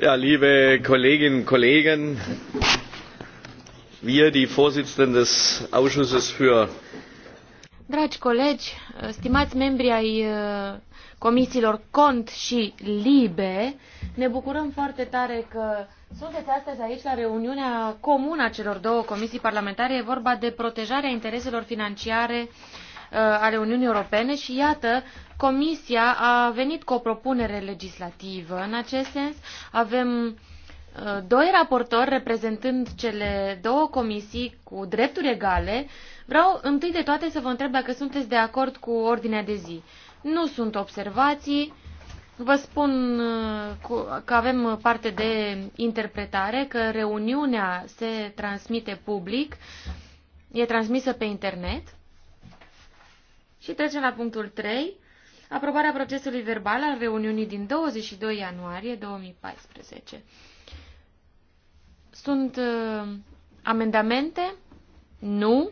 Ja, liebe Kolleginnen und Kollegen, wir, die Vorsitzenden des Ausschusses für Dragi colegi, stimați membri ai uh, comisiilor CONT și LIBE, ne bucurăm foarte tare că sunteți astăzi aici la reuniunea comună a celor două comisii parlamentare. E vorba de protejarea intereselor financiare uh, Uh, ale Uniunii Europene și iată, Comisia a venit cu o propunere legislativă în acest sens. Avem uh, doi raportori reprezentând cele două comisii cu drepturi egale. Vreau întâi de toate să vă întreb dacă sunteți de acord cu ordinea de zi. Nu sunt observații. Vă spun uh, că avem parte de interpretare, că reuniunea se transmite public, e transmisă pe internet. Și trecem la punctul 3. Aprobarea procesului verbal al reuniunii din 22 ianuarie 2014. Sunt uh, amendamente? Nu.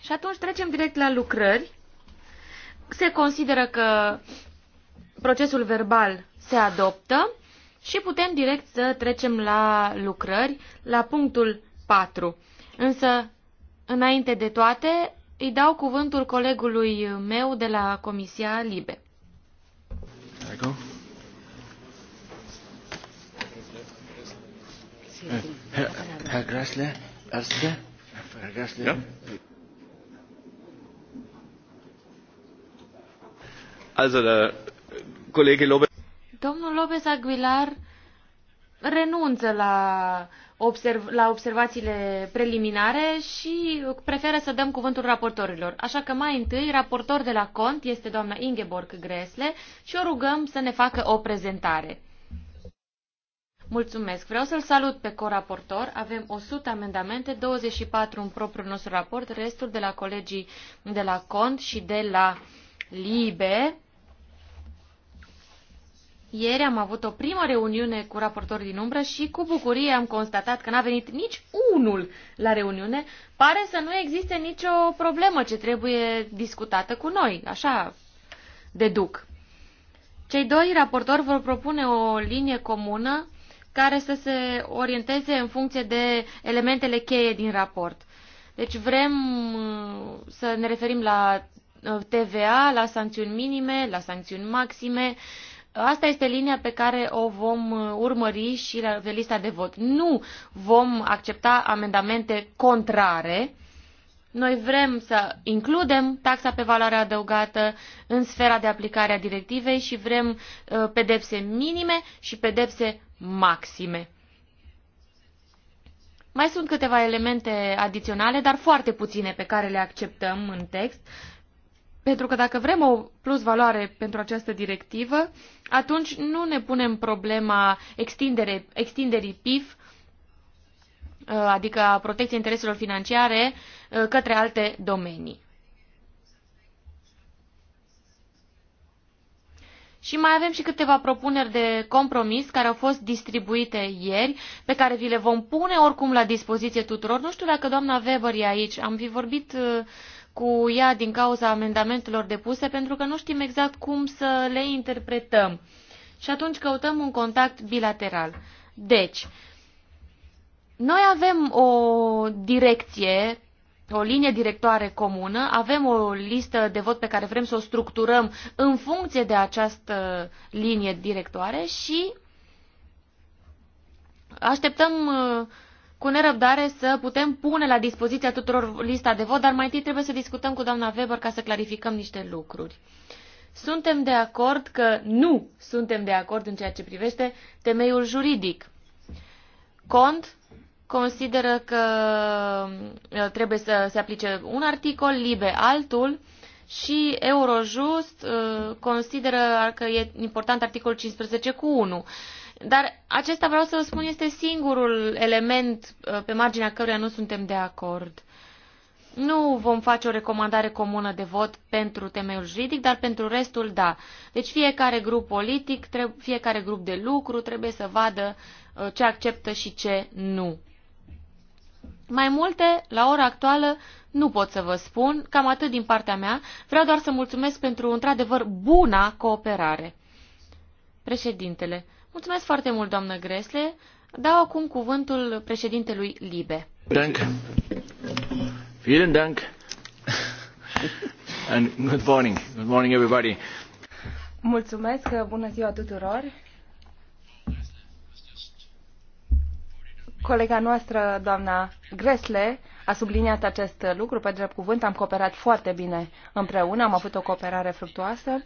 Și atunci trecem direct la lucrări. Se consideră că procesul verbal se adoptă și putem direct să trecem la lucrări, la punctul 4. Însă, înainte de toate, îi dau cuvântul colegului meu de la Comisia Libe. Domnul Lopez Aguilar renunță la observ- la observațiile preliminare și preferă să dăm cuvântul raportorilor. Așa că mai întâi, raportor de la cont este doamna Ingeborg Gresle și o rugăm să ne facă o prezentare. Mulțumesc. Vreau să-l salut pe coraportor. Avem 100 amendamente, 24 în propriul nostru raport, restul de la colegii de la cont și de la LIBE. Ieri am avut o primă reuniune cu raportori din umbră și cu bucurie am constatat că n-a venit nici unul la reuniune. Pare să nu existe nicio problemă ce trebuie discutată cu noi, așa deduc. Cei doi raportori vor propune o linie comună care să se orienteze în funcție de elementele cheie din raport. Deci vrem uh, să ne referim la uh, TVA, la sancțiuni minime, la sancțiuni maxime, Asta este linia pe care o vom uh, urmări și la, pe lista de vot. Nu vom accepta amendamente contrare. Noi vrem să includem taxa pe valoare adăugată în sfera de aplicare a directivei și vrem uh, pedepse minime și pedepse maxime. Mai sunt câteva elemente adiționale, dar foarte puține pe care le acceptăm în text pentru că dacă vrem o plus valoare pentru această directivă, atunci nu ne punem problema extindere, extinderii PIF, uh, adică a protecției intereselor financiare, uh, către alte domenii. Și mai avem și câteva propuneri de compromis care au fost distribuite ieri, pe care vi le vom pune oricum la dispoziție tuturor. Nu știu dacă doamna Weber e aici, am fi vorbit uh, cu ea din cauza amendamentelor depuse pentru că nu știm exact cum să le interpretăm. Și atunci căutăm un contact bilateral. Deci, noi avem o direcție, o linie directoare comună, avem o listă de vot pe care vrem să o structurăm în funcție de această linie directoare și așteptăm uh, cu nerăbdare să putem pune la dispoziția tuturor lista de vot, dar mai întâi trebuie să discutăm cu doamna Weber ca să clarificăm niște lucruri. Suntem de acord că nu suntem de acord în ceea ce privește temeiul juridic. Cont consideră că uh, trebuie să se aplice un articol, libe altul, și Eurojust uh, consideră că e important articolul 15 cu 1. Dar acesta, vreau să vă spun, este singurul element uh, pe marginea căruia nu suntem de acord. Nu vom face o recomandare comună de vot pentru temeiul juridic, dar pentru restul da. Deci fiecare grup politic, fiecare grup de lucru trebuie să vadă uh, ce acceptă și ce nu. Mai multe, la ora actuală, nu pot să vă spun, cam atât din partea mea. Vreau doar să mulțumesc pentru, într-adevăr, buna cooperare. Președintele, Mulțumesc foarte mult, doamnă Gresle. Dau acum cuvântul președintelui Libe. Dank. Vielen Dank. And good morning. Good morning everybody. Mulțumesc, bună ziua tuturor. Colega noastră, doamna Gresle, a subliniat acest lucru pe drept cuvânt. Am cooperat foarte bine împreună, am avut o cooperare fructuoasă.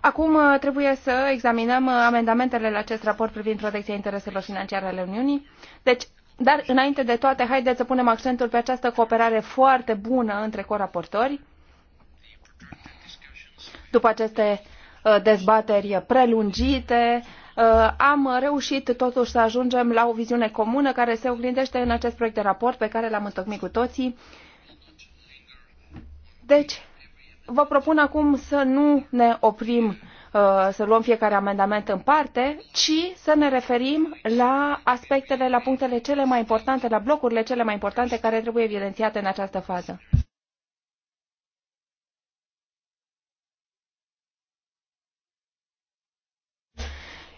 Acum uh, trebuie să examinăm uh, amendamentele la acest raport privind protecția intereselor financiare ale Uniunii. Deci, dar înainte de toate, haideți să punem accentul pe această cooperare foarte bună între coraportori. După aceste uh, dezbateri prelungite, am reușit totuși să ajungem la o viziune comună care se oglindește în acest proiect de raport pe care l-am întocmit cu toții. Deci, vă propun acum să nu ne oprim uh, să luăm fiecare amendament în parte, ci să ne referim la aspectele, la punctele cele mai importante, la blocurile cele mai importante care trebuie evidențiate în această fază.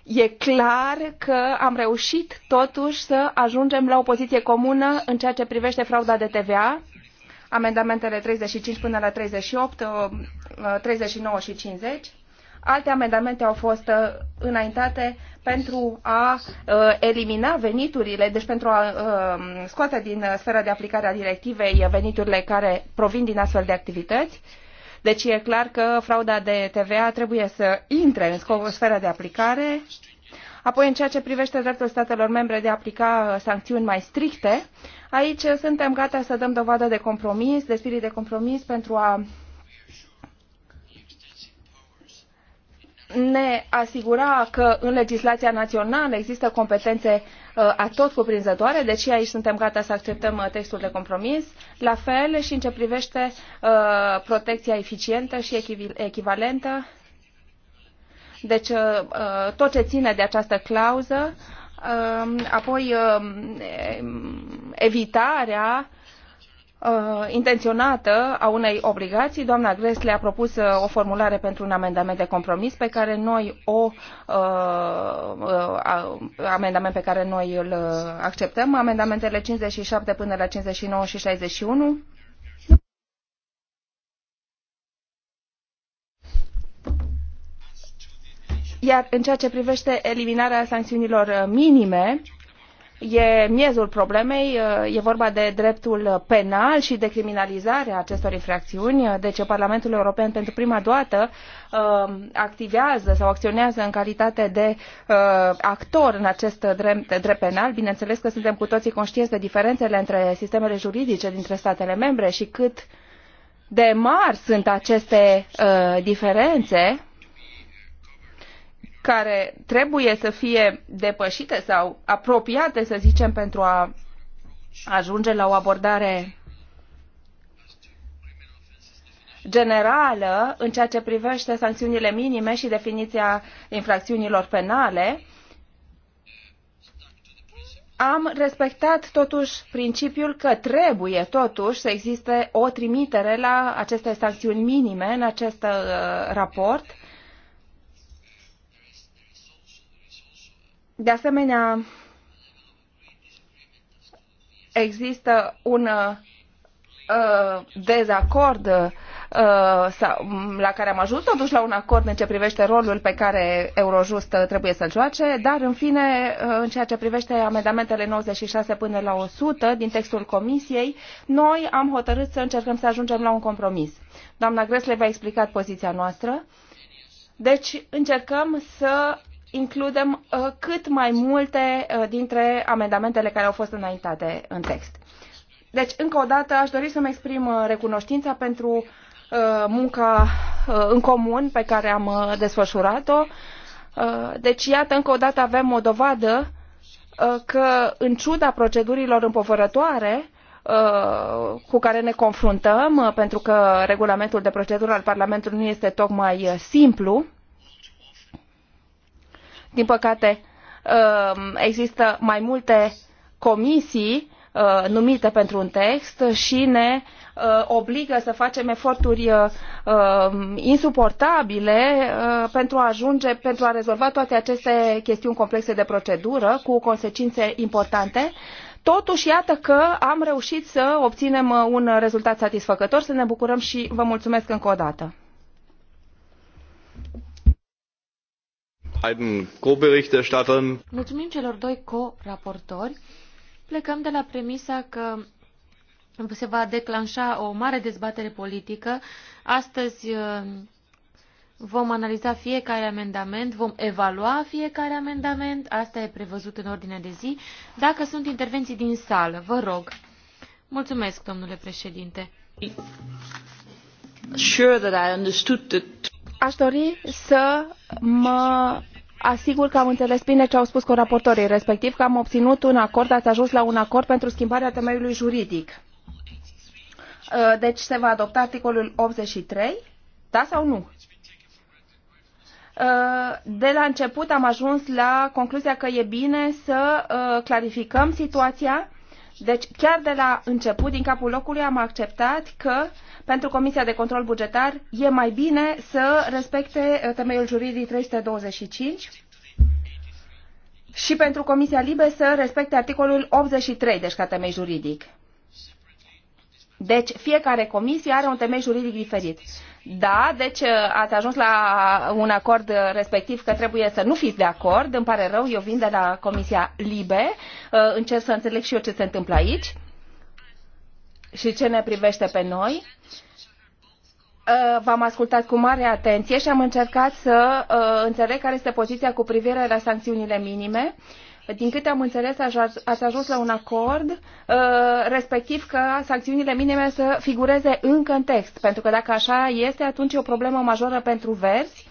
E clar că am reușit totuși să ajungem la o poziție comună în ceea ce privește frauda de TVA amendamentele 35 până la 38, 39 și 50. Uh, uh, Alte amendamente au fost uh, înaintate pentru a elimina veniturile, deci pentru a scoate din sfera de aplicare a directivei veniturile care provin din astfel de activități. Deci e clar că frauda de TVA trebuie să intre în sfera de aplicare Apoi, în ceea ce privește dreptul statelor membre de a aplica uh, sancțiuni mai stricte, aici uh, suntem gata să dăm dovadă de compromis, de spirit de compromis pentru a ne asigura că în legislația națională există competențe uh, atot cuprinzătoare, deci aici suntem gata să acceptăm textul de compromis, la fel și în ce privește protecția eficientă și echivalentă deci uh, uh, tot ce ține de această clauză, um, apoi um, evitarea uh, intenționată a unei obligații. Doamna Gresle a propus o formulare pentru un amendament de compromis pe care noi o amendament pe care noi îl acceptăm, amendamentele 57 până la 59 și 61 Iar în ceea ce privește eliminarea sancțiunilor uh, minime, e miezul problemei, uh, e vorba de dreptul penal și de criminalizarea acestor infracțiuni. Uh, deci Parlamentul European pentru prima dată activează sau acționează în calitate de actor în acest drept, drept penal. Bineînțeles că suntem cu toții conștienți de diferențele între sistemele juridice dintre statele membre și cât de mari sunt aceste diferențe care trebuie să fie depășite sau apropiate, să zicem, pentru a ajunge la o abordare generală în ceea ce privește sancțiunile minime și definiția infracțiunilor penale, am respectat totuși principiul că trebuie totuși să existe o trimitere la aceste sancțiuni minime în acest uh, raport De asemenea, există un uh, dezacord uh, mm, la care am ajuns totuși la un acord în ce privește rolul pe care Eurojust uh, trebuie să-l joace, dar în fine, în ceea ce privește amendamentele 96 până la 100 din textul Comisiei, noi am hotărât să încercăm să ajungem la un compromis. Doamna Gresle v-a explicat poziția noastră. Deci încercăm să includem uh, cât mai multe uh, dintre amendamentele care au fost înaintate în text. Deci, încă o dată, aș dori să-mi exprim uh, recunoștința pentru munca în comun pe care am desfășurat-o. Deci, iată, încă o dată avem o dovadă că, în ciuda procedurilor împovărătoare, cu care ne confruntăm, pentru că regulamentul de procedură al Parlamentului nu este tocmai simplu, din păcate, um, există mai multe comisii uh, numite pentru un text și ne uh, obligă să facem eforturi uh, um, insuportabile pentru a ajunge, pentru a rezolva toate aceste chestiuni complexe de procedură cu consecințe importante. Totuși, iată că am reușit să obținem un rezultat satisfăcător, să ne bucurăm și vă mulțumesc încă o dată. Mulțumim celor doi co-raportori. Plecăm de la premisa că se va declanșa o mare dezbatere politică. Astăzi uh, vom analiza fiecare amendament, vom evalua fiecare amendament, asta e prevăzut în ordinea de zi. Dacă sunt intervenții din sală, vă rog. Mulțumesc, domnule președinte. Sure that I understood that... Aș dori să mă asigur că am înțeles bine ce au spus coraportorii, respectiv că am obținut un acord, ați ajuns la un acord pentru schimbarea temeiului juridic. Uh, deci se va adopta articolul 83, da sau nu? Uh, de la început am ajuns la concluzia că e bine să uh, clarificăm situația deci, chiar de la început, din capul locului, am acceptat că pentru Comisia de Control Bugetar e mai bine să respecte uh, temeiul juridic 325 și pentru Comisia Libe să respecte articolul 83, deci ca temei juridic. Deci, fiecare comisie are un temei juridic diferit. Da, deci uh, ați ajuns la un acord uh, respectiv că trebuie să nu fiți de acord. Îmi pare rău, eu vin de la Comisia Libe. Uh, încerc să înțeleg și eu ce se întâmplă aici și ce ne privește pe noi. V-am ascultat cu mare atenție și am încercat să înțeleg care este poziția cu privire la sancțiunile minime. Din câte am înțeles, ați ajuns la un acord, uh, respectiv că sancțiunile minime să figureze încă în text, pentru că dacă așa este, atunci e o problemă majoră pentru verzi.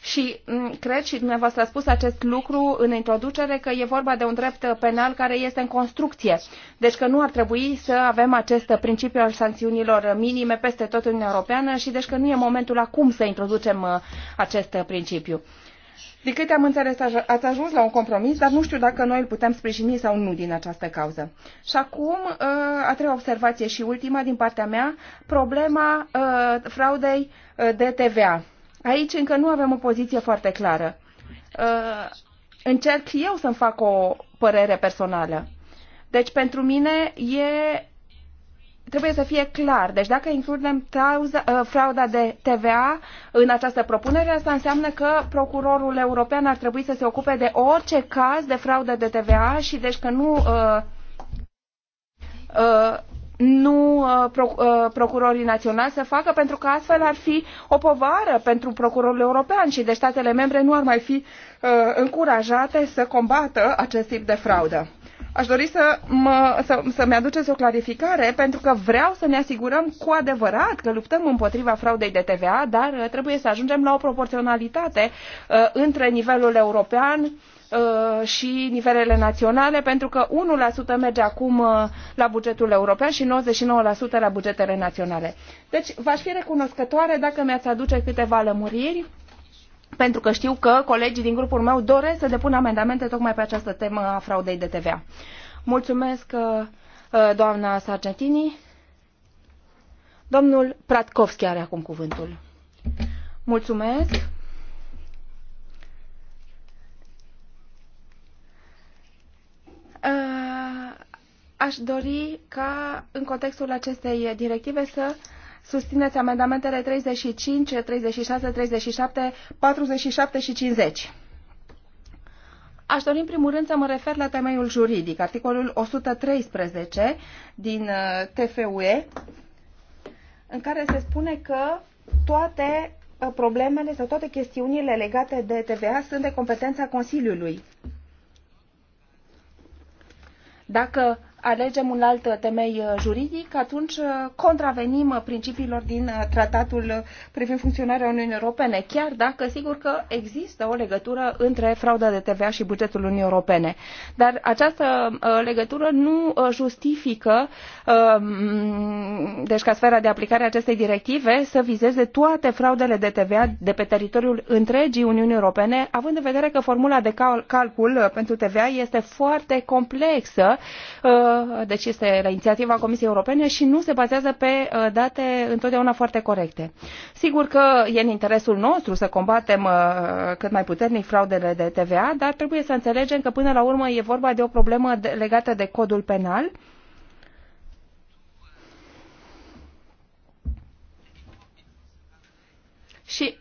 Și mm, cred și dumneavoastră a spus acest lucru în introducere că e vorba de un drept penal care este în construcție. Deci că nu ar trebui să avem acest principiu al sancțiunilor minime peste tot în Uniunea Europeană și deci că nu e momentul acum să introducem uh, acest principiu din câte am înțeles, ați ajuns la un compromis, dar nu știu dacă noi îl putem sprijini sau nu din această cauză. Și acum, uh, a treia observație și ultima din partea mea, problema uh, fraudei uh, de TVA. Aici încă nu avem o poziție foarte clară. Încerc eu să-mi fac o părere personală. Deci pentru mine e trebuie să fie clar. Deci dacă includem trauza, uh, frauda de TVA în această propunere, asta înseamnă că procurorul european ar trebui să se ocupe de orice caz de fraudă de TVA și deci că nu, uh, uh, nu uh, pro, uh, procurorii naționali să facă, pentru că astfel ar fi o povară pentru procurorul european și de deci statele membre nu ar mai fi uh, încurajate să combată acest tip de fraudă. Aș dori să mă, să, să-mi aduceți o clarificare, pentru că vreau să ne asigurăm cu adevărat că luptăm împotriva fraudei de TVA, dar trebuie să ajungem la o proporționalitate uh, între nivelul european uh, și nivelele naționale, pentru că 1% merge acum uh, la bugetul european și 99% la bugetele naționale. Deci v-aș fi recunoscătoare dacă mi-ați aduce câteva lămuriri pentru că știu că colegii din grupul meu doresc să depună amendamente tocmai pe această temă a fraudei de TVA. Mulțumesc, uh, uh, doamna Sargentini. Domnul Pratkovski are acum cuvântul. Mulțumesc. Uh, aș dori ca în contextul acestei directive să Susțineți amendamentele 35, 36, 37, 47 și 50. Aș dori în primul rând să mă refer la temeiul juridic, articolul 113 din uh, TFUE, în care se spune că toate uh, problemele sau toate chestiunile legate de TVA sunt de competența Consiliului. Dacă alegem un alt temei uh, juridic, atunci uh, contravenim principiilor din uh, tratatul privind funcționarea Uniunii Europene, chiar dacă sigur că există o legătură între frauda de TVA și bugetul Uniunii Europene. Dar această legătură nu justifică um, deci ca sfera de aplicare a acestei directive să vizeze toate fraudele de TVA de pe teritoriul întregii Uniunii Europene, având în vedere că formula de calcul pentru TVA este foarte complexă deci este la inițiativa Comisiei Europene și nu se bazează pe uh, date întotdeauna foarte corecte. Sigur că e în interesul nostru să combatem uh, cât mai puternic fraudele de TVA, dar trebuie să înțelegem că până la urmă e vorba de o problemă legată de codul penal și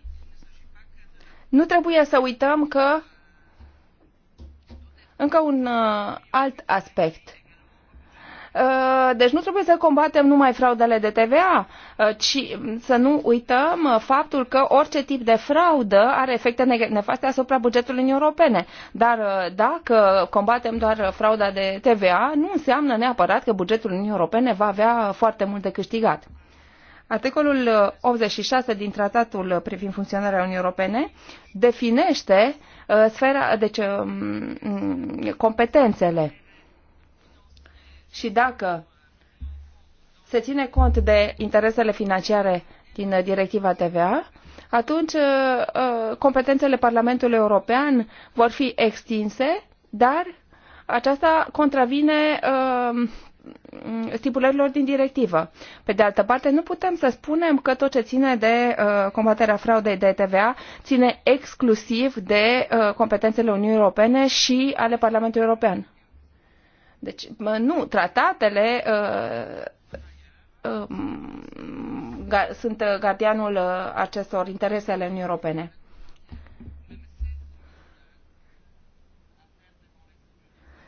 nu trebuie să uităm că încă un uh, alt aspect Uh, deci nu trebuie să combatem numai fraudele de TVA, uh, ci să nu uităm uh, faptul că orice tip de fraudă are efecte nefaste asupra bugetului Uniunii Europene. Dar dacă combatem doar frauda de TVA, nu înseamnă neapărat că bugetul Uniunii Europene va avea foarte mult de câștigat. Articolul 86 din tratatul privind funcționarea Uniunii Europene definește sfera, deci, um, mm, competențele și dacă se ține cont de interesele financiare din directiva TVA, atunci uh, uh, competențele Parlamentului European vor fi extinse, dar aceasta contravine uh, stipulărilor din directivă. Pe de altă parte, nu putem să spunem că tot ce ține de uh, combaterea fraudei de TVA ține exclusiv de uh, competențele Uniunii Europene și ale Parlamentului European. Deci, nu, tratatele uh, um, uh, sunt gardianul uh, acestor interese ale Uniunii Europene.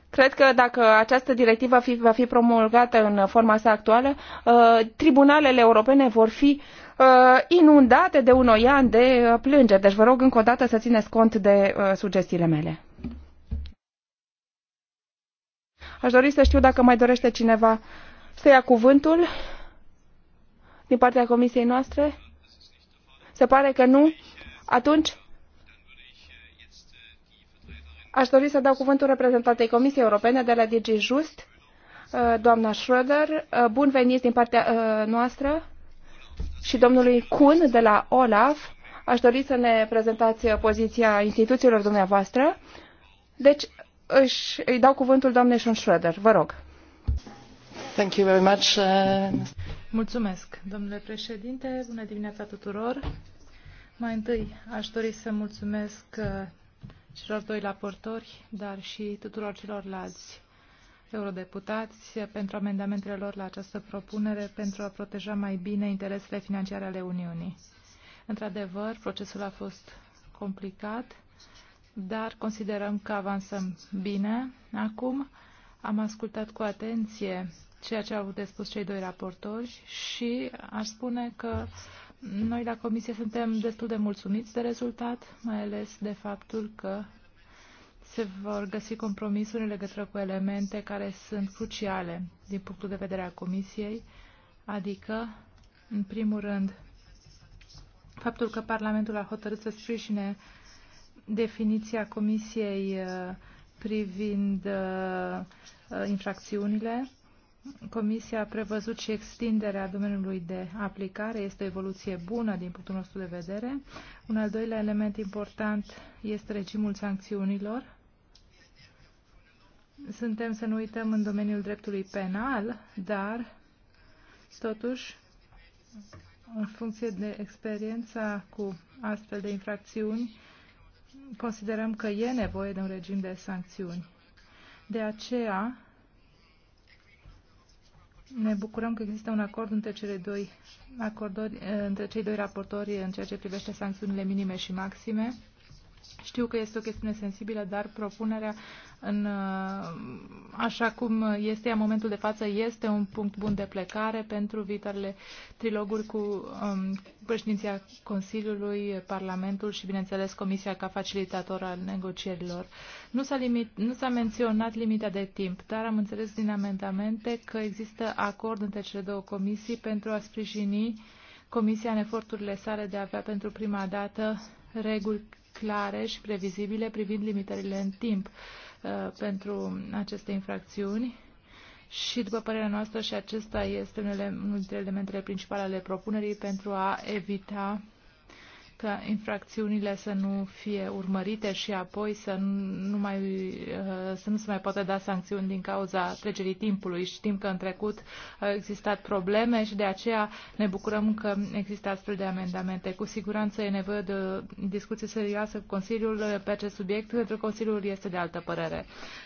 Cred că dacă această directivă va fi, va fi promulgată în forma sa actuală, uh, tribunalele europene vor fi uh, inundate de un oian de uh, plângeri. Deci vă rog încă o dată să țineți cont de sugestiile mele. Aș dori să știu dacă mai dorește cineva să ia cuvântul din partea comisiei noastre. Se pare că nu. Atunci aș dori să dau cuvântul reprezentantei Comisiei Europene de la DG Just, uh, doamna Schröder. Uh, bun venit din partea uh, noastră și domnului Kuhn de la OLAF. Aș dori să ne prezentați poziția instituțiilor dumneavoastră. Deci, își, îi dau cuvântul doamnei Schroeder. Vă rog. Thank you very much. Uh, mulțumesc, domnule președinte. Bună dimineața tuturor. Mai întâi aș dori să mulțumesc uh, celor doi raportori, dar și tuturor celorlalți eurodeputați pentru amendamentele lor la această propunere pentru a proteja mai bine interesele financiare ale Uniunii. Într-adevăr, procesul a fost complicat dar considerăm că avansăm bine. Acum am ascultat cu atenție ceea ce au avut de spus cei doi raportori și aș spune că noi la Comisie suntem destul de mulțumiți de rezultat, mai ales de faptul că se vor găsi compromisuri în legătură cu elemente care sunt cruciale din punctul de vedere al Comisiei, adică, în primul rând, faptul că Parlamentul a hotărât să sprijine definiția Comisiei uh, privind uh, uh, infracțiunile. Comisia a prevăzut și extinderea domeniului de aplicare. Este o evoluție bună din punctul nostru de vedere. Un al doilea element important este regimul sancțiunilor. Suntem să nu uităm în domeniul dreptului penal, dar totuși, în funcție de experiența cu astfel de infracțiuni, considerăm că e nevoie de un regim de sancțiuni. De aceea ne bucurăm că există un acord între, cele doi, acordori, între cei doi raportori în ceea ce privește sancțiunile minime și maxime știu că este o chestiune sensibilă, dar propunerea în, uh, așa cum este în momentul de față este un punct bun de plecare pentru viitoarele triloguri cu um, președinția Consiliului, Parlamentul și, bineînțeles, Comisia ca facilitator al negocierilor. Nu s-a, limit, nu s-a menționat limita de timp, dar am înțeles din amendamente că există acord între cele două comisii pentru a sprijini Comisia în eforturile sale de a avea pentru prima dată reguli clare și previzibile privind limitările în timp uh, pentru aceste infracțiuni și, după părerea noastră, și acesta este unul dintre elementele principale ale propunerii pentru a evita ca infracțiunile să nu fie urmărite și apoi să nu, mai, uh, să nu se mai poate da sancțiuni din cauza trecerii timpului. Știm că în trecut au existat probleme și de aceea ne bucurăm că există astfel de amendamente. Cu siguranță e nevoie de discuții discuție serioasă cu Consiliul pe acest subiect, pentru că Consiliul este de altă părere.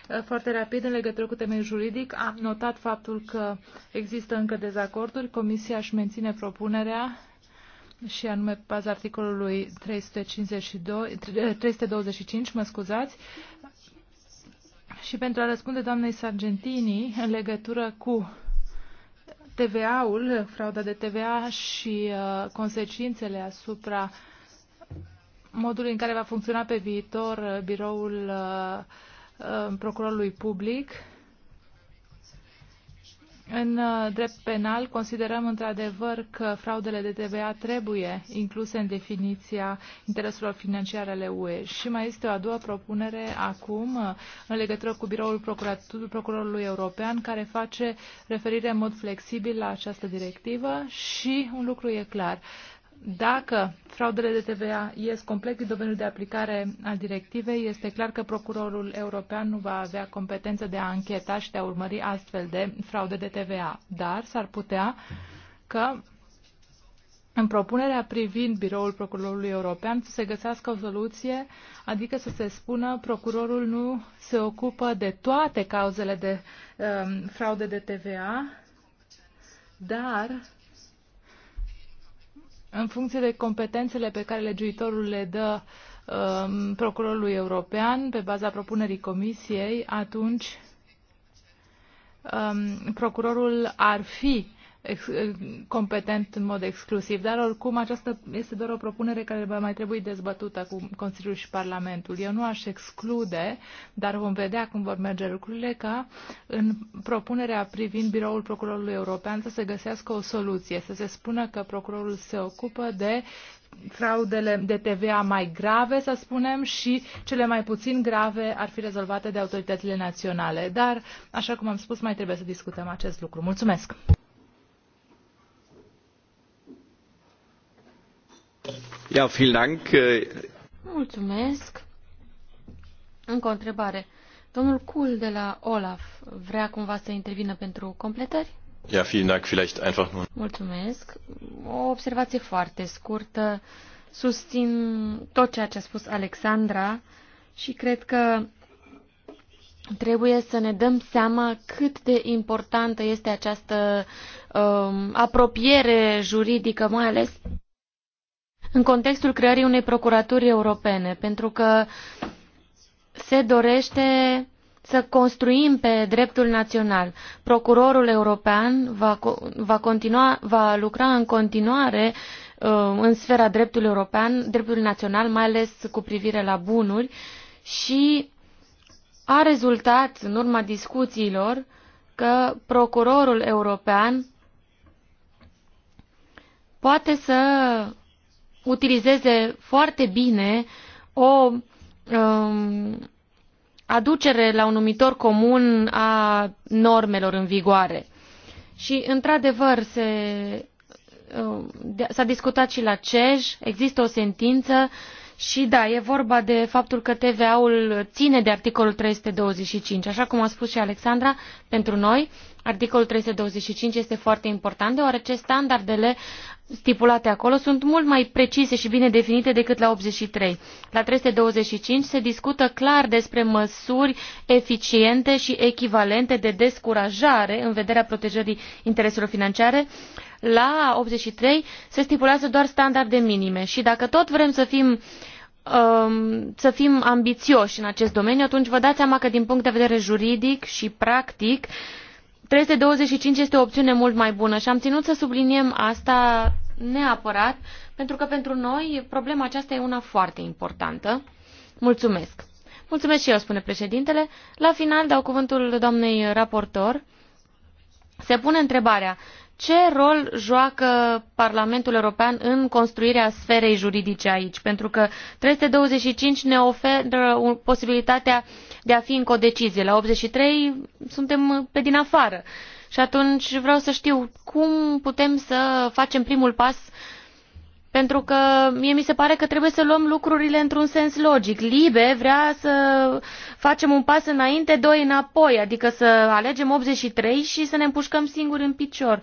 Uh, foarte rapid, în legătură cu temeiul juridic, am notat faptul că există încă dezacorduri. Comisia își menține propunerea și anume pe baza articolului 352, 325, mă scuzați, și pentru a răspunde doamnei Sargentini în legătură cu TVA-ul, frauda de TVA și uh, consecințele asupra modului în care va funcționa pe viitor uh, biroul uh, uh procurorului public, în uh, drept penal considerăm într-adevăr că fraudele de TVA trebuie incluse în definiția intereselor financiare ale UE. Și mai este o a doua propunere acum uh, în legătură cu biroul procurorului european care face referire în mod flexibil la această directivă și un lucru e clar. Dacă fraudele de TVA ies complet din domeniul de aplicare al directivei, este clar că procurorul european nu va avea competență de a încheta și de a urmări astfel de fraude de TVA. Dar s-ar putea că în propunerea privind biroul procurorului european să se găsească o soluție, adică să se spună procurorul nu se ocupă de toate cauzele de um, fraude de TVA, dar în funcție de competențele pe care legiuitorul le dă um, procurorului european pe baza propunerii comisiei, atunci um, procurorul ar fi competent în mod exclusiv, dar oricum aceasta este doar o propunere care va mai trebui dezbătută cu Consiliul și Parlamentul. Eu nu aș exclude, dar vom vedea cum vor merge lucrurile, ca în propunerea privind biroul procurorului european să se găsească o soluție, să se spună că procurorul se ocupă de fraudele de TVA mai grave, să spunem, și cele mai puțin grave ar fi rezolvate de autoritățile naționale. Dar, așa cum am spus, mai trebuie să discutăm acest lucru. Mulțumesc! Äh, Mulțumesc. Încă o întrebare. Domnul Kuhl de la Olaf vrea cumva să intervină pentru completări? Ja, vielen Dank. Vielleicht einfach nur. Mulțumesc. O observație foarte scurtă. Susțin tot ceea ce a spus Alexandra și cred că trebuie să ne dăm seama cât de importantă este această um, apropiere juridică, mai ales în contextul creării unei procuraturi europene, pentru că se dorește să construim pe dreptul național. Procurorul european va, va, continua, va lucra în continuare uh, în sfera dreptului european, dreptul național, mai ales cu privire la bunuri și a rezultat în urma discuțiilor că procurorul european poate să utilizeze foarte bine o um, aducere la un numitor comun a normelor în vigoare. Și, într-adevăr, se um, s-a discutat și la CEJ, există o sentință și da, e vorba de faptul că TVA-ul ține de articolul 325. Așa cum a spus și Alexandra, pentru noi articolul 325 este foarte important deoarece standardele stipulate acolo sunt mult mai precise și bine definite decât la 83. La 325 se discută clar despre măsuri eficiente și echivalente de descurajare în vederea protejării intereselor financiare. La 83 se stipulează doar standarde minime și dacă tot vrem să fim um, să fim ambițioși în acest domeniu, atunci vă dați seama că din punct de vedere juridic și practic 325 este o opțiune mult mai bună și am ținut să subliniem asta neapărat, pentru că pentru noi problema aceasta e una foarte importantă. Mulțumesc! Mulțumesc și eu, spune președintele. La final dau cuvântul doamnei raportor. Se pune întrebarea, ce rol joacă Parlamentul European în construirea sferei juridice aici? Pentru că 325 ne oferă posibilitatea de a fi în codecizie. La 83 suntem pe din afară. Uh, și atunci vreau să știu cum putem să facem primul pas pentru că mie mi se pare că trebuie să luăm lucrurile într-un sens logic. Libe vrea să facem un pas înainte, doi înapoi, adică să alegem 83 și să ne împușcăm singuri în picior.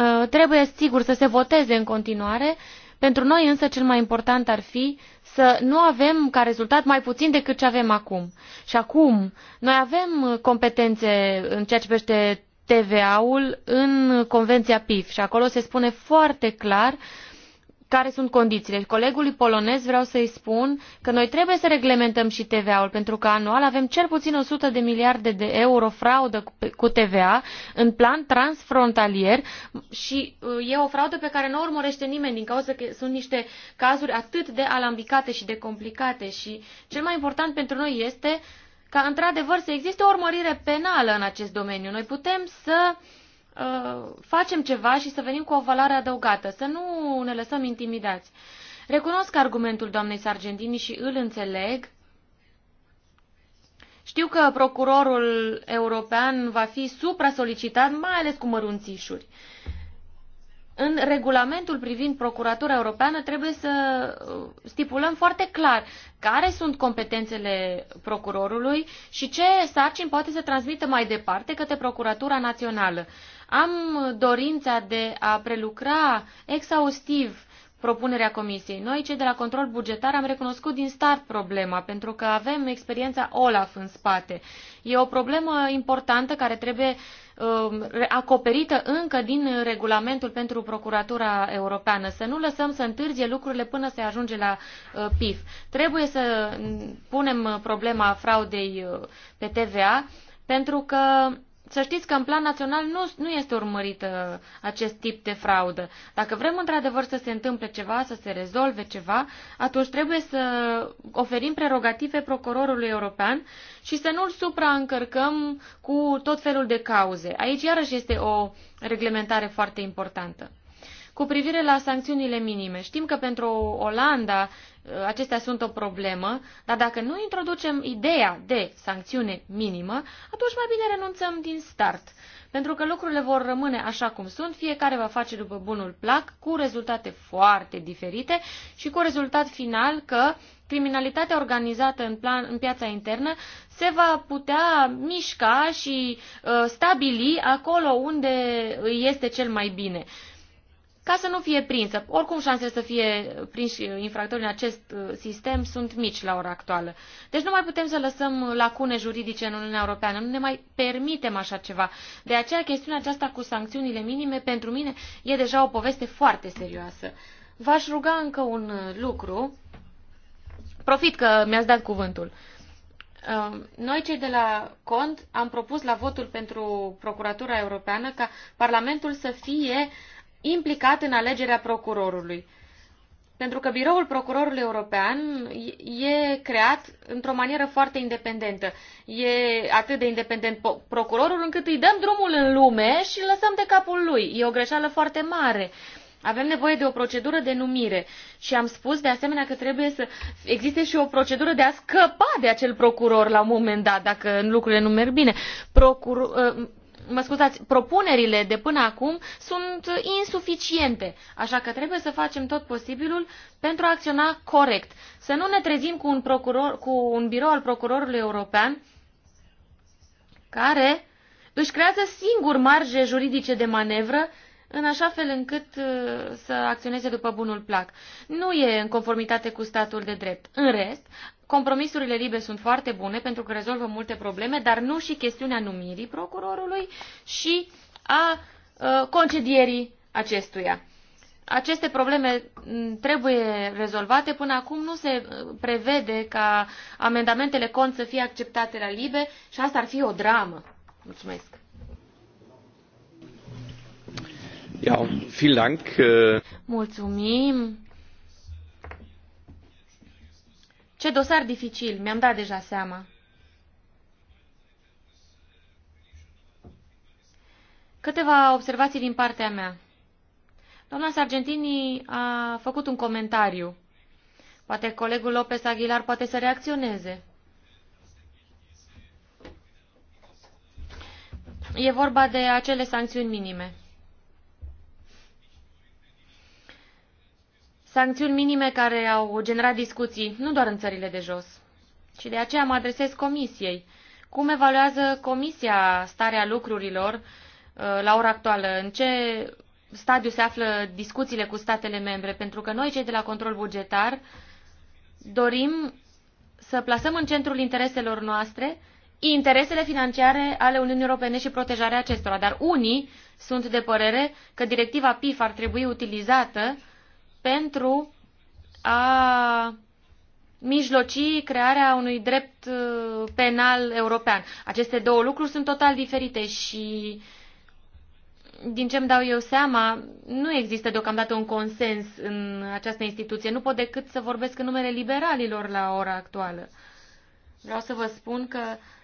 Uh, trebuie, sigur, să se voteze în continuare. Pentru noi însă cel mai important ar fi să nu avem ca rezultat mai puțin decât ce avem acum. Și acum, noi avem competențe în ceea ce privește TVA-ul în Convenția PIF și acolo se spune foarte clar care sunt condițiile. Colegului polonez vreau să-i spun că noi trebuie să reglementăm și TVA-ul, pentru că anual avem cel puțin 100 de miliarde de euro fraudă cu TVA în plan transfrontalier și uh, e o fraudă pe care nu o urmărește nimeni din cauza că sunt niște cazuri atât de alambicate și de complicate și cel mai important pentru noi este ca într-adevăr să existe o urmărire penală în acest domeniu. Noi putem să uh, facem ceva și să venim cu o valoare adăugată, să nu ne lăsăm intimidați. Recunosc argumentul doamnei Sargentini și îl înțeleg. Știu că procurorul european va fi supra-solicitat, mai ales cu mărunțișuri în regulamentul privind Procuratura Europeană trebuie să uh, stipulăm foarte clar care sunt competențele procurorului și ce sarcini poate să transmită mai departe către Procuratura Națională. Am dorința de a prelucra exhaustiv propunerea comisiei. Noi, cei de la control bugetar, am recunoscut din start problema, pentru că avem experiența OLAF în spate. E o problemă importantă care trebuie uh, acoperită încă din regulamentul pentru Procuratura Europeană. Să nu lăsăm să întârzie lucrurile până se ajunge la uh, PIF. Trebuie să punem problema fraudei uh, pe TVA, pentru că să știți că în plan național nu, nu este urmărită uh, acest tip de fraudă. Dacă vrem într-adevăr să se întâmple ceva, să se rezolve ceva, atunci trebuie să oferim prerogative procurorului european și să nu-l supraîncărcăm cu tot felul de cauze. Aici iarăși este o reglementare foarte importantă. Cu privire la sancțiunile minime, știm că pentru Olanda acestea sunt o problemă, dar dacă nu introducem ideea de sancțiune minimă, atunci mai bine renunțăm din start. Pentru că lucrurile vor rămâne așa cum sunt, fiecare va face după bunul plac, cu rezultate foarte diferite și cu rezultat final că criminalitatea organizată în, plan, în piața internă se va putea mișca și uh, stabili acolo unde este cel mai bine. Uh, ca să nu fie prinsă. Oricum șansele să fie prinși infractori în acest uh, sistem sunt mici la ora actuală. Deci nu mai putem să lăsăm lacune juridice în Uniunea Europeană, nu ne mai permitem așa ceva. De aceea chestiunea aceasta cu sancțiunile minime pentru mine e deja o poveste foarte serioasă. V-aș ruga încă un uh, lucru. Profit că mi-ați dat cuvântul. Uh, noi, cei de la CONT, am propus la votul pentru Procuratura Europeană ca Parlamentul să fie uh, implicat în alegerea procurorului. Pentru că biroul procurorului european e creat într-o manieră foarte independentă. E atât de independent procurorul încât îi dăm drumul în lume și îl lăsăm de capul lui. E o greșeală foarte mare. Avem nevoie de o procedură de numire și am spus de asemenea că trebuie să existe și o procedură de a scăpa de acel procuror la un moment dat, dacă lucrurile nu merg bine. Procur... Ă, mă scuzați, propunerile de până acum sunt insuficiente, așa că trebuie să facem tot posibilul pentru a acționa corect. Să nu ne trezim cu un, procuror, cu un birou al procurorului european care își creează singur marge juridice de manevră în așa fel încât uh, să acționeze după bunul plac. Nu e în conformitate cu statul de drept. În rest, compromisurile libe sunt foarte bune pentru că rezolvă multe probleme, dar nu și chestiunea numirii procurorului și a uh, concedierii acestuia. Aceste probleme mm, trebuie rezolvate. Până acum nu se uh, prevede ca amendamentele cont să fie acceptate la libe și asta ar fi o dramă. Mulțumesc! Ja, vielen Dank. Äh, Mulțumim. Ce dosar dificil, mi-am dat deja seama. Câteva observații din partea mea. Doamna Sargentini a făcut un comentariu. Poate colegul Lopez Aguilar poate să reacționeze. E vorba de acele sancțiuni minime. sancțiuni minime care au generat discuții nu doar în țările de jos. Și de aceea mă adresez Comisiei. Cum evaluează Comisia starea lucrurilor uh, la ora actuală? În ce stadiu se află discuțiile cu statele membre? Pentru că noi, cei de la control bugetar, dorim să plasăm în centrul intereselor noastre interesele financiare ale Uniunii Europene și protejarea acestora. Dar unii sunt de părere că directiva PIF ar trebui utilizată pentru a mijloci crearea unui drept uh, penal european. Aceste două lucruri sunt total diferite și din ce îmi dau eu seama, nu există deocamdată un consens în această instituție. Nu pot decât să vorbesc în numele liberalilor la ora actuală. Vreau să vă spun că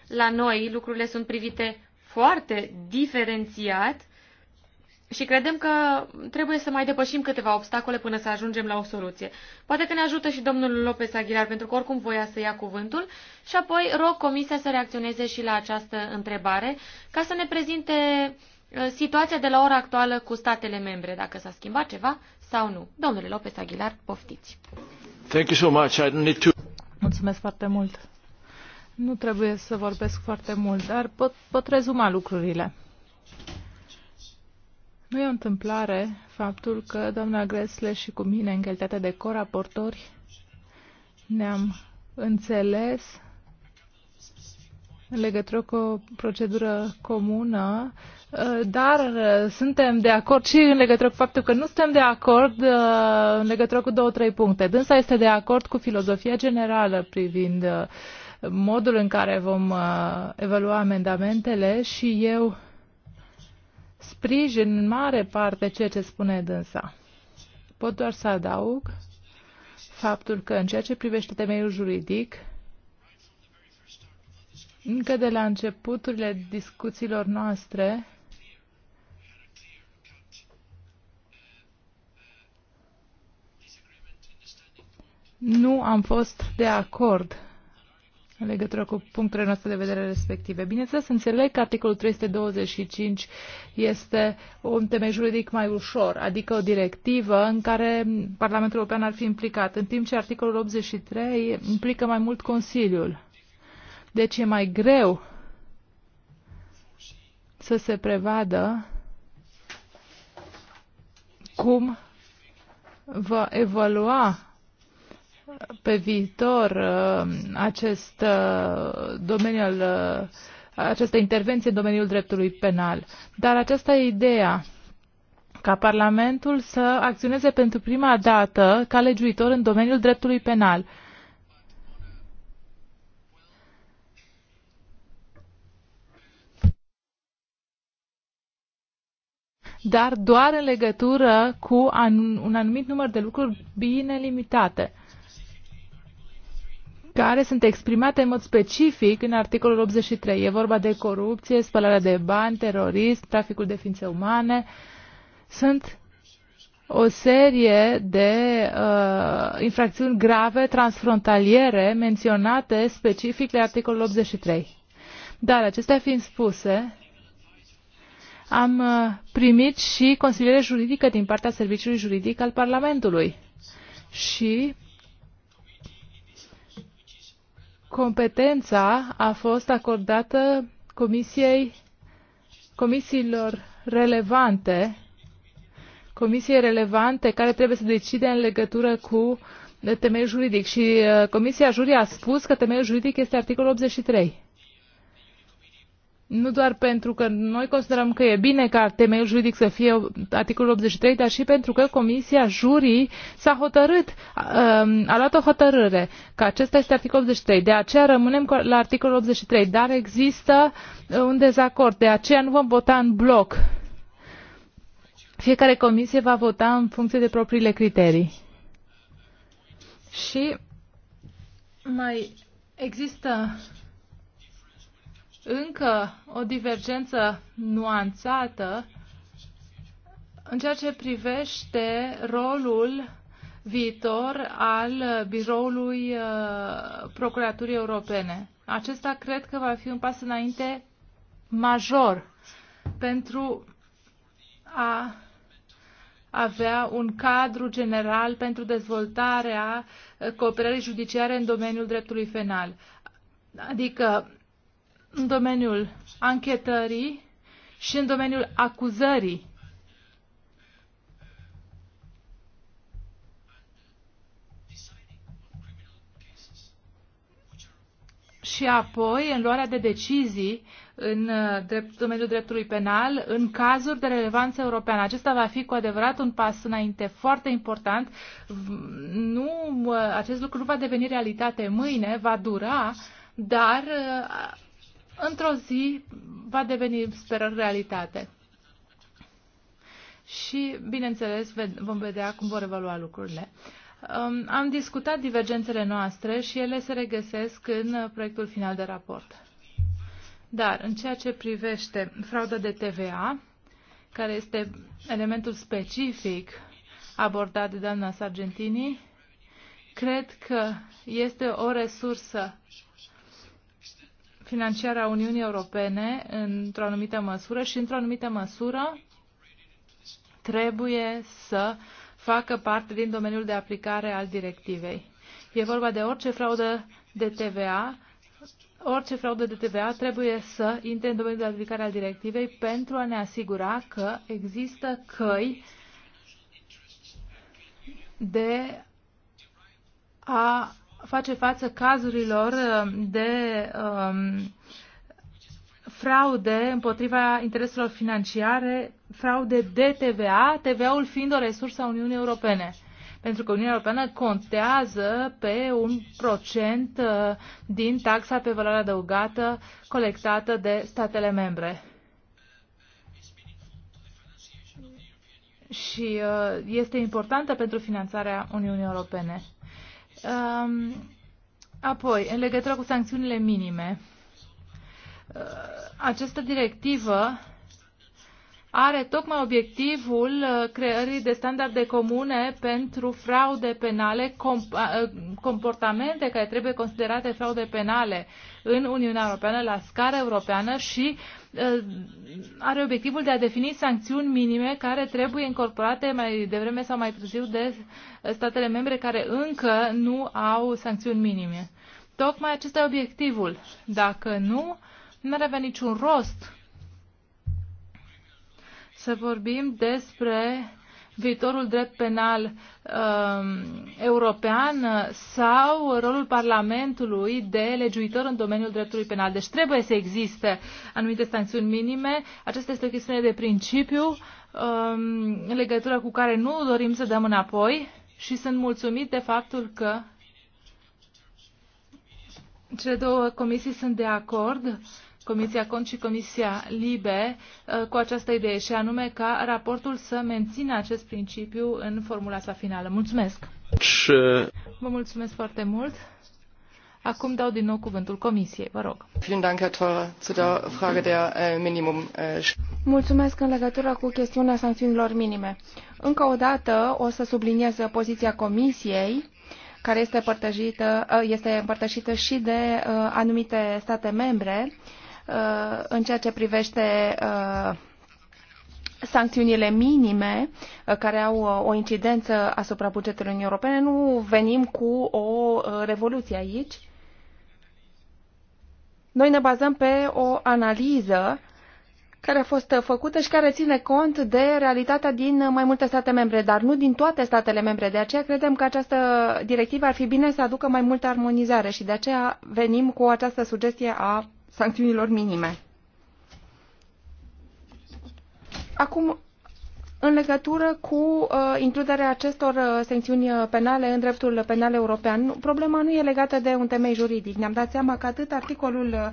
la noi lucrurile sunt privite foarte diferențiat și credem că trebuie să mai depășim câteva obstacole până să ajungem la o soluție. Poate că ne ajută și domnul Lopez Aguilar, pentru că oricum voia să ia cuvântul, și apoi rog Comisia să reacționeze și la această întrebare, ca să ne prezinte uh, situația de la ora actuală cu statele membre, dacă s-a schimbat ceva sau nu. Domnule Lopez Aguilar, poftiți. Thank you so much. I need to... Mulțumesc foarte mult. Nu trebuie să vorbesc foarte mult, dar pot, pot rezuma lucrurile. Nu e o întâmplare faptul că doamna Gresle și cu mine, în calitate de coraportori, ne-am înțeles în legătură cu o procedură comună, uh, dar uh, suntem de acord și în legătură cu faptul că nu suntem de acord uh, în legătură cu două, trei puncte. Dânsa este de acord cu filozofia generală privind modul în care vom evalua amendamentele și eu sprijin în mare parte ceea ce spune dânsa. Pot doar să adaug faptul că în ceea ce privește temeiul juridic, încă de la începuturile discuțiilor noastre, nu am fost de acord în legătură cu punctele noastre de vedere respective. Bineînțeles, înțeleg că articolul 325 este un temei juridic mai ușor, adică o directivă în care Parlamentul European ar fi implicat, în timp ce articolul 83 implică mai mult Consiliul. Deci e mai greu să se prevadă cum va evalua pe viitor uh, acest uh, domeniu al uh, această intervenție în domeniul dreptului penal. Dar aceasta e ideea ca Parlamentul să acționeze pentru prima dată ca legiuitor în domeniul dreptului penal. dar doar în legătură cu un anumit număr de lucruri bine limitate care sunt exprimate în mod specific în articolul 83. E vorba de corupție, spălarea de bani, terorism, traficul de ființe umane. Sunt o serie de uh, infracțiuni grave transfrontaliere menționate specific la articolul 83. Dar acestea fiind spuse, am uh, primit și consiliere juridică din partea Serviciului Juridic al Parlamentului. Și competența a fost acordată comisiei, comisiilor relevante, comisiei relevante care trebuie să decide în legătură cu temeiul juridic. Și uh, Comisia Jurii a spus că temeiul juridic este articolul 83 nu doar pentru că noi considerăm că e bine ca temeiul juridic să fie articolul 83, dar și pentru că Comisia Jurii s-a hotărât, um, a luat o hotărâre că acesta este articolul 83. De aceea rămânem la articolul 83, dar există uh, un dezacord. De aceea nu vom vota în bloc. Fiecare comisie va vota în funcție de propriile criterii. Și mai există încă o divergență nuanțată în ceea ce privește rolul viitor al biroului uh, Procuraturii Europene. Acesta cred că va fi un pas înainte major pentru a avea un cadru general pentru dezvoltarea cooperării judiciare în domeniul dreptului penal. Adică în domeniul anchetării și în domeniul acuzării. Și apoi în luarea de decizii în uh, drept, domeniul dreptului penal în cazuri de relevanță europeană. Acesta va fi cu adevărat un pas înainte foarte important. Nu, uh, acest lucru nu va deveni realitate mâine, va dura, dar uh, într-o zi va deveni, speră, realitate. Și, bineînțeles, vom vedea cum vor evalua lucrurile. Um, am discutat divergențele noastre și ele se regăsesc în proiectul final de raport. Dar, în ceea ce privește frauda de TVA, care este elementul specific abordat de doamna Sargentini, cred că este o resursă financiară a Uniunii Europene într-o anumită măsură și într-o anumită măsură trebuie să facă parte din domeniul de aplicare al directivei. E vorba de orice fraudă de TVA. Orice fraudă de TVA trebuie să intre în domeniul de aplicare al directivei pentru a ne asigura că există căi de a face față cazurilor uh, de um, fraude împotriva intereselor financiare, fraude de TVA, TVA-ul fiind o resursă a Uniunii Europene. Pentru că Uniunea Europeană contează pe un procent uh, din taxa pe valoare adăugată colectată de statele membre. Și uh, este importantă pentru finanțarea Uniunii Europene. Apoi, în legătură cu sancțiunile minime, uh, această directivă are tocmai obiectivul uh, creării de standarde comune pentru fraude penale, uh, comportamente care trebuie considerate fraude penale în Uniunea Europeană, la scară europeană și uh, are obiectivul de a defini sancțiuni minime care trebuie incorporate mai devreme sau mai târziu de statele membre care încă nu au sancțiuni minime. Tocmai acesta e obiectivul. Dacă nu, nu ar avea niciun rost să vorbim despre viitorul drept penal uh, european sau rolul Parlamentului de legiuitor în domeniul dreptului penal. Deci trebuie să existe anumite sancțiuni minime. Aceasta este o chestiune de principiu uh, în legătură cu care nu dorim să dăm înapoi și sunt mulțumit de faptul că cele două comisii sunt de acord Comisia Cont și Comisia Libe uh, cu această idee și anume ca raportul să mențină acest principiu în formula sa finală. Mulțumesc! Ce... Vă mulțumesc foarte mult! Acum dau din nou cuvântul Comisiei, vă rog. Äh, äh, mulțumesc în legătură cu chestiunea sancțiunilor minime. Încă o dată o să subliniez poziția Comisiei care este, uh, este împărtășită și de uh, anumite state membre în ceea ce privește uh, sancțiunile minime uh, care au uh, o incidență asupra bugetului Uniunii Europene, nu venim cu o revoluție aici. Noi ne bazăm pe o analiză care a fost făcută și care ține cont de realitatea din mai multe state membre, dar nu din toate statele membre. De aceea credem că această directivă ar fi bine să aducă mai multă armonizare și de aceea venim cu această sugestie a sancțiunilor minime. Acum, în legătură cu uh, includerea acestor uh, sancțiuni uh, penale în dreptul penal european, problema nu e legată de un temei juridic. Ne-am dat seama că atât articolul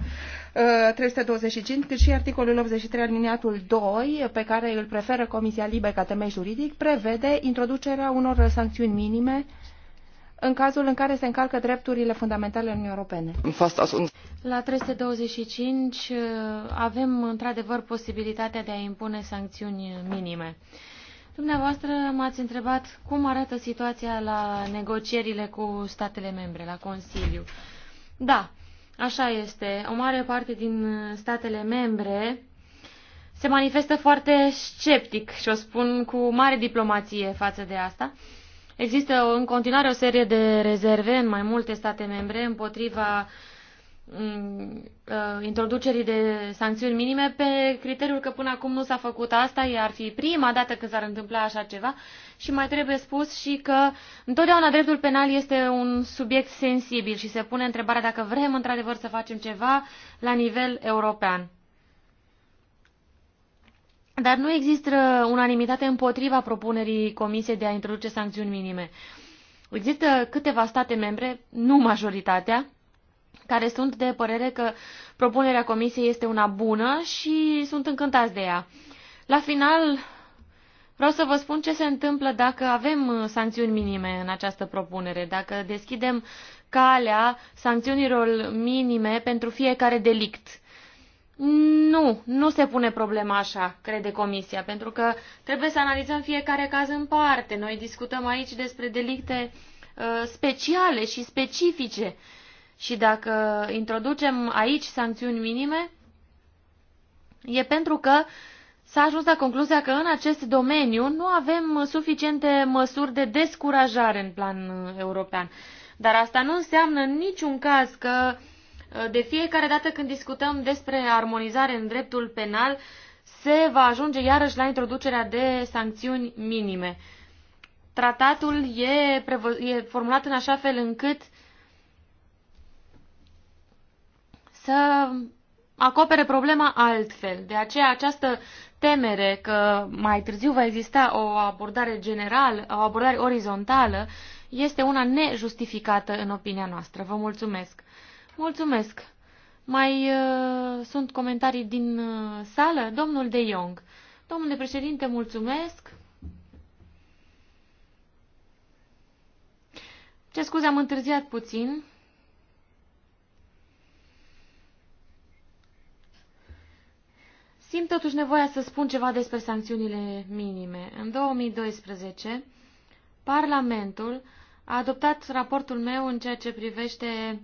uh, 325 uh, cât și articolul 83 aliniatul 2, pe care îl preferă Comisia Libe ca temei juridic, prevede introducerea unor sancțiuni minime uh, în cazul în care se încalcă drepturile fundamentale Uniunii Europene. La 325 avem într-adevăr posibilitatea de a impune sancțiuni minime. Dumneavoastră m-ați întrebat cum arată situația la negocierile cu statele membre, la Consiliu. Da, așa este. O mare parte din statele membre se manifestă foarte sceptic și o spun cu mare diplomație față de asta. Uh, Există în continuare o serie de rezerve în mai multe state membre împotriva mm, uh, introducerii de sancțiuni minime pe criteriul că până acum nu s-a făcut asta, ar fi prima dată când s-ar întâmpla așa ceva și mai trebuie spus și că întotdeauna dreptul penal este un subiect sensibil și se pune întrebarea dacă vrem într-adevăr să facem ceva la nivel european. Dar nu există unanimitate împotriva propunerii Comisiei de a introduce sancțiuni minime. Există câteva state membre, nu majoritatea, care sunt de părere că propunerea Comisiei este una bună și sunt încântați de ea. La final, vreau să vă spun ce se întâmplă dacă avem sancțiuni minime în această propunere, dacă deschidem calea sancțiunilor minime pentru fiecare delict. Nu, nu se pune problema așa, crede Comisia, pentru că trebuie să analizăm fiecare caz în parte. Noi discutăm aici despre delicte uh, speciale și specifice. Și dacă introducem aici sancțiuni minime, e pentru că s-a ajuns la concluzia că în acest domeniu nu avem suficiente măsuri de descurajare în plan european. Dar asta nu înseamnă în niciun caz că uh, Eh, de fiecare dată când discutăm despre armonizare în dreptul penal, se va ajunge iarăși la introducerea de sancțiuni minime. Tratatul e, e formulat în așa fel încât să acopere problema altfel. De aceea această temere că mai târziu va exista o abordare generală, o abordare orizontală, este una nejustificată în opinia noastră. Vă mulțumesc! Mulțumesc. Mai uh, sunt comentarii din uh, sală? Domnul De Jong. Domnule președinte, mulțumesc. Ce scuze, am întârziat puțin. Simt totuși nevoia să spun ceva despre sancțiunile minime. În 2012, Parlamentul a adoptat raportul meu în ceea ce privește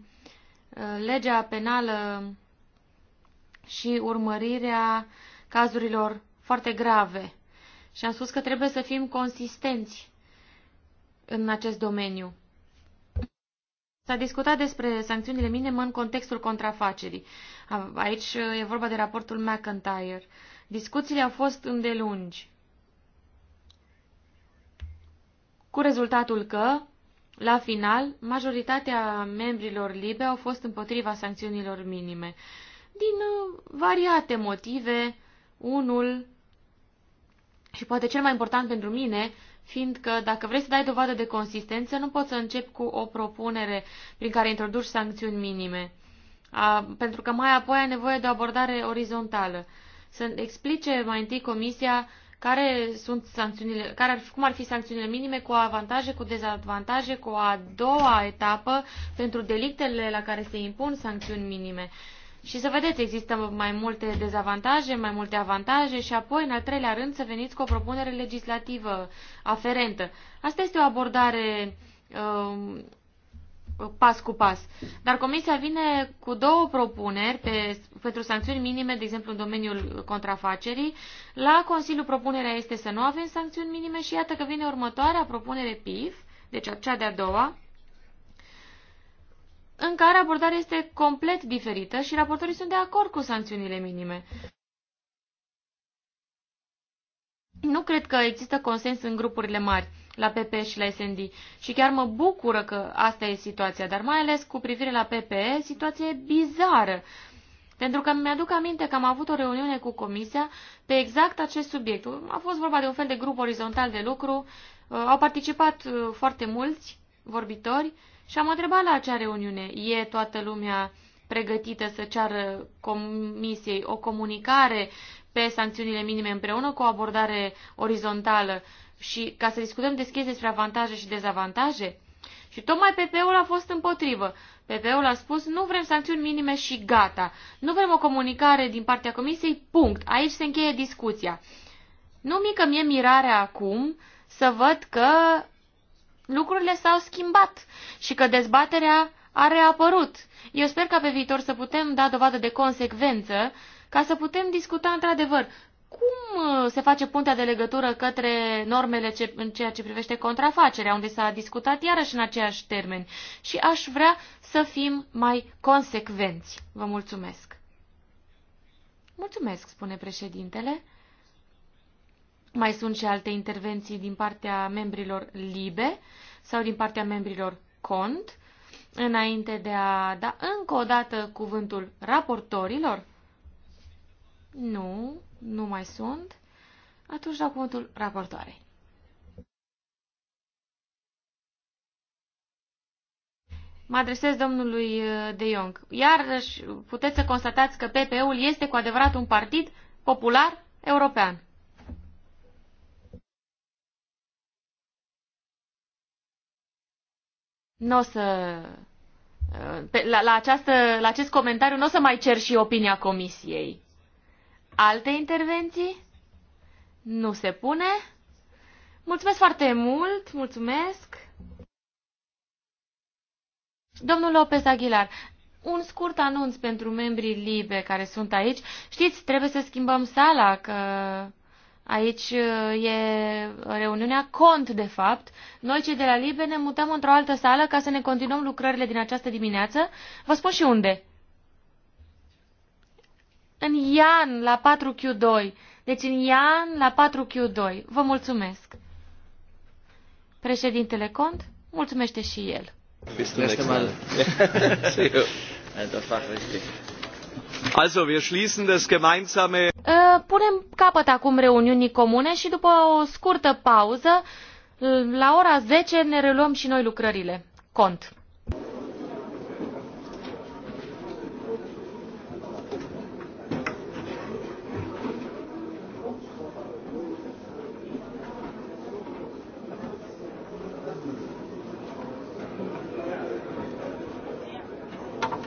legea penală și urmărirea cazurilor foarte grave. Și am spus că trebuie să fim consistenți în acest domeniu. S-a discutat despre sancțiunile minime în contextul contrafacerii. Aici e vorba de raportul McIntyre. Discuțiile au fost îndelungi, cu rezultatul că la final, majoritatea membrilor LIBE au fost împotriva sancțiunilor minime. Din uh, variate motive, unul și poate cel mai important pentru mine, fiindcă dacă vrei să dai dovadă de consistență, nu poți să începi cu o propunere prin care introduci sancțiuni minime, a, pentru că mai apoi ai nevoie de o abordare orizontală. Să explice mai întâi Comisia care sunt sancțiunile, care ar, cum ar fi sancțiunile minime cu avantaje, cu dezavantaje, cu a doua etapă pentru delictele la care se impun sancțiuni minime. Și să vedeți, există mai multe dezavantaje, mai multe avantaje și apoi, în al treilea rând, să veniți cu o propunere legislativă aferentă. Asta este o abordare um, pas cu pas. Dar Comisia vine cu două propuneri pe, pentru sancțiuni minime, de exemplu în domeniul contrafacerii. La Consiliu propunerea este să nu avem sancțiuni minime și iată că vine următoarea propunere PIF, deci cea de-a doua, în care abordarea este complet diferită și raportorii sunt de acord cu sancțiunile minime. Nu cred că există consens în grupurile mari, la PP și la SND. Și chiar mă bucură că asta e situația, dar mai ales cu privire la PPE, situația e bizară. Pentru că mi-aduc aminte că am avut o reuniune cu comisia pe exact acest subiect. A fost vorba de un fel de grup orizontal de lucru, uh, au participat uh, foarte mulți vorbitori și am întrebat la acea reuniune, e toată lumea pregătită să ceară comisiei o comunicare pe sancțiunile minime împreună cu o abordare orizontală și ca să discutăm deschis despre avantaje și dezavantaje? Și tocmai PP-ul a fost împotrivă. PP-ul a spus, nu vrem sancțiuni minime și gata. Nu vrem o comunicare din partea comisiei, punct. Aici se încheie discuția. Nu mică mie mirarea acum să văd că lucrurile s-au schimbat și că dezbaterea a reapărut. Eu sper ca pe viitor să putem da dovadă de consecvență ca să putem discuta într-adevăr cum uh, se face puntea de legătură către normele ce, în ceea ce privește contrafacerea, unde s-a discutat iarăși în aceeași termeni. Și aș vrea să fim mai consecvenți. Vă mulțumesc. Mulțumesc, spune președintele. Mai sunt și alte intervenții din partea membrilor LIBE sau din partea membrilor CONT, înainte de a da încă o dată cuvântul raportorilor. Nu, nu mai sunt. Atunci dau cuvântul raportoarei. Mă adresez domnului uh, De Jong. Iarăși puteți să constatați că PPE-ul este cu adevărat un partid popular european. Nu o să... Uh, pe, la, la, această, la acest comentariu nu o să mai cer și opinia comisiei. Alte intervenții? Nu se pune. Mulțumesc foarte mult, mulțumesc. Domnul Lopez Aguilar, un scurt anunț pentru membrii libe care sunt aici. Știți, trebuie să schimbăm sala, că aici uh, e reuniunea cont, de fapt. Noi, cei de la libe, ne mutăm într-o altă sală ca să ne continuăm lucrările din această dimineață. Vă spun și unde în Ian la 4Q2. Deci în Ian la 4Q2. Vă mulțumesc. Președintele Cont mulțumește și el. Also, wir schließen das gemeinsame... Ă, punem capăt acum reuniunii comune și după o scurtă pauză, la ora 10 ne reluăm și noi lucrările. Cont.